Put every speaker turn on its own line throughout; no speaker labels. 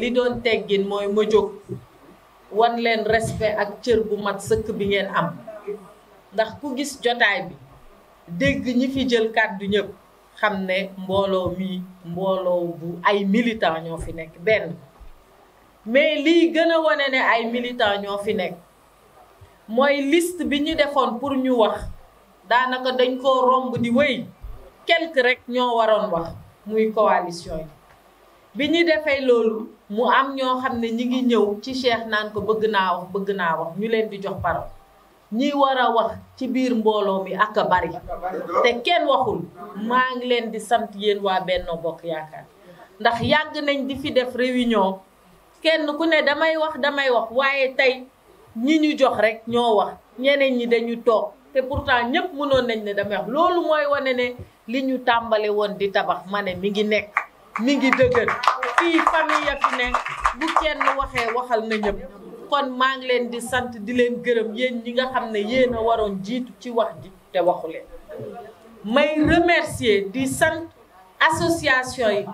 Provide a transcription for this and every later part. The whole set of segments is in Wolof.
li doon teggin mooy ma jóg wan leen respect ak cër bu mat sëkk bi ngeen am ndax ku gis jotaay bi dégg ñi fi jël kàddu ñëpp xam ne mbooloo mi mbooloo bu ay militant ñoo fi nekk benn mais lii gën a wane ne ay militant ñoo fi nekk mooy list bi ñu defoon pour ñu wax daanaka dañ ko romb di wéy quelque rek ñoo waroon wax muy coalition yi bi ñu defee loolu mu am ñoo xam ne ñi ngi ñëw ci Cheikh naan ko bëgg naa wax bëgg naa wax ñu leen di jox parole ñi war a wax ci biir mbooloo mi ak a bari te kenn waxul maa ngi leen di sant yéen waa Benno Bokk Yaakaar ndax yàgg nañ di fi def réunion kenn ku ne damay wax damay wax waaye tey ñi ñu jox rek ñoo wax ñeneen ñi dañu toog te pourtant ñëpp mënoon nañ ne damay wax loolu mooy wane ne li ñu tàmbale woon di tabax ma ne mi ngi nekk mi ngi dëgër fii famille ya fi nekk bu kenn waxee waxal na ñëpp kon maa ngi leen di sant di leen gërëm yéen ñi nga xam ne yéen a waroon jiitu ci wax ji te waxu leen may remercier di sant association yi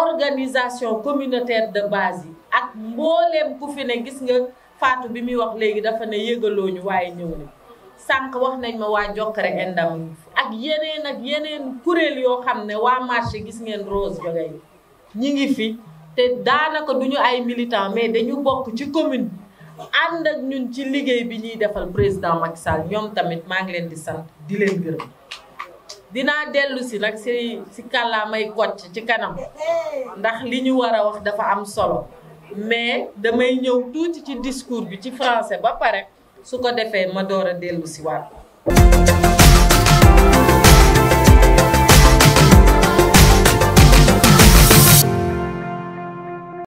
organisation communautaire de base yi ak mbooleem ku fi ne gis nga Fatou bi muy wax léegi dafa ne yëgaloo ñu waaye ñëw na sànq wax nañ ma waa Jokkare Endam ak yeneen ak yeneen kuréel yoo xam ne waa marché gis ngeen Rose Jogay ñi ngi fi te daanaka duñu ay militant mais dañu bokk ci commune ànd ak ñun ci liggéey bi ñuy defal président Macky Sall ñoom tamit maa ngi leen di sant di leen gërëm dinaa dellu si nag si si kàllaamay kocc ci kanam ndax li ñu war a wax dafa am solo mais damay ñëw tuuti ci discours bi ci français ba pare su ko defee ma door a dellu